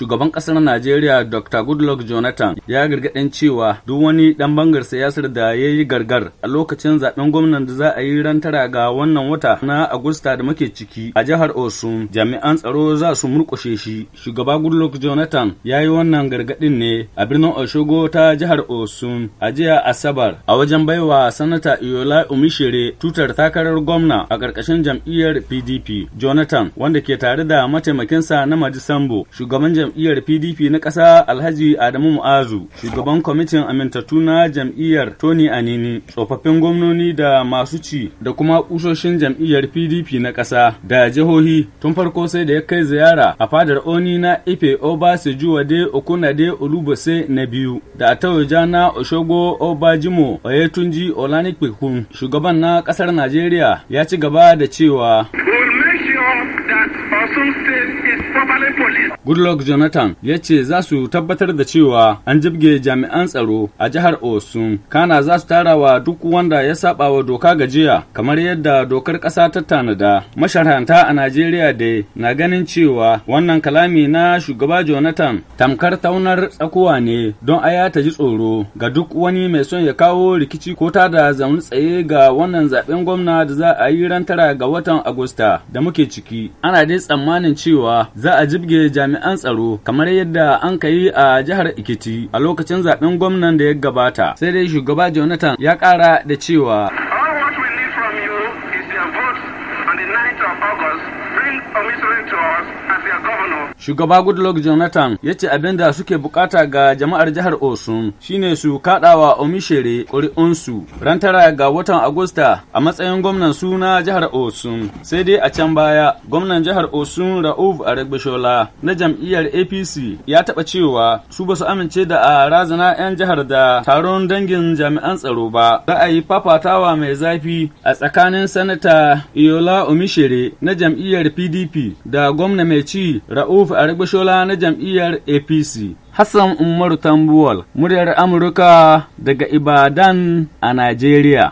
shugaban ƙasar Najeriya Dr. Goodluck Jonathan ya gargaɗin cewa duk wani ɗan bangar siyasar da ya yi gargar a lokacin zaɓen gwamnan da za a yi ran tara ga wannan wata na Agusta da muke ciki a jihar Osun jami'an tsaro za su murƙushe shi. Shugaba Goodluck Jonathan ya yi wannan gargaɗin ne a birnin Oshogo ta jihar Osun a jiya Asabar a wajen baiwa sanata Iyola Umishere tutar takarar gwamna a ƙarƙashin jam'iyyar PDP Jonathan wanda ke tare da mataimakinsa na Madisambo shugaban jam'iyyar PDP na ƙasa Alhaji Adamu Mu'azu, shugaban kwamitin amintattu na jam'iyyar Tony Anini, tsofaffin gwamnoni da masu ci da kuma kusoshin jam'iyyar PDP na ƙasa da jihohi tun farko sai da ya kai ziyara a fadar Oni na Ife wade Okunade Olubose na biyu da a tawaja na Oshogo Obajimo Oyetunji Olanikpekun, shugaban na ƙasar Najeriya ya ci gaba da cewa. Goodluck Jonathan ya ce za su tabbatar da cewa an jibge jami'an tsaro a jihar Osun. Kana za su tara wa duk wanda ya saba wa doka gajiya kamar yadda dokar ƙasa ta tanada. Masharanta a Najeriya da na ganin cewa wannan kalami na shugaba Jonathan tamkar taunar tsakuwa ne don aya ta ji tsoro ga duk wani mai son ya kawo rikici ko ta da zaune tsaye ga wannan zaben gwamna da za a yi ran tara ga watan Agusta da muke ciki. ana dai tsammanin cewa za a jibge jami'an tsaro kamar yadda an ka a jihar Ikiti a lokacin zaben gwamnan da ya gabata. Sai dai shugaba Jonathan ya kara da cewa Shugaba Goodluck Jonathan ya ce abin da suke bukata ga jama'ar jihar Osun shine su kaɗawa Omishere ƙuri'unsu ran tara ga watan Agusta a matsayin gwamnan suna jihar Osun. Sai dai a can baya gwamnan jihar Osun Rauf Aregbeshola na jam'iyyar APC ya taɓa cewa su ba su amince da a razana 'yan jihar da taron dangin jami'an tsaro ba. Za a yi fafatawa mai zafi a tsakanin sanata iola Omishere na jam'iyyar PDP da gwamna mai ci Rauf Yusuf Arigbashola na jam'iyyar APC. Hassan Umaru Tambuwal, muryar Amurka daga Ibadan a Najeriya.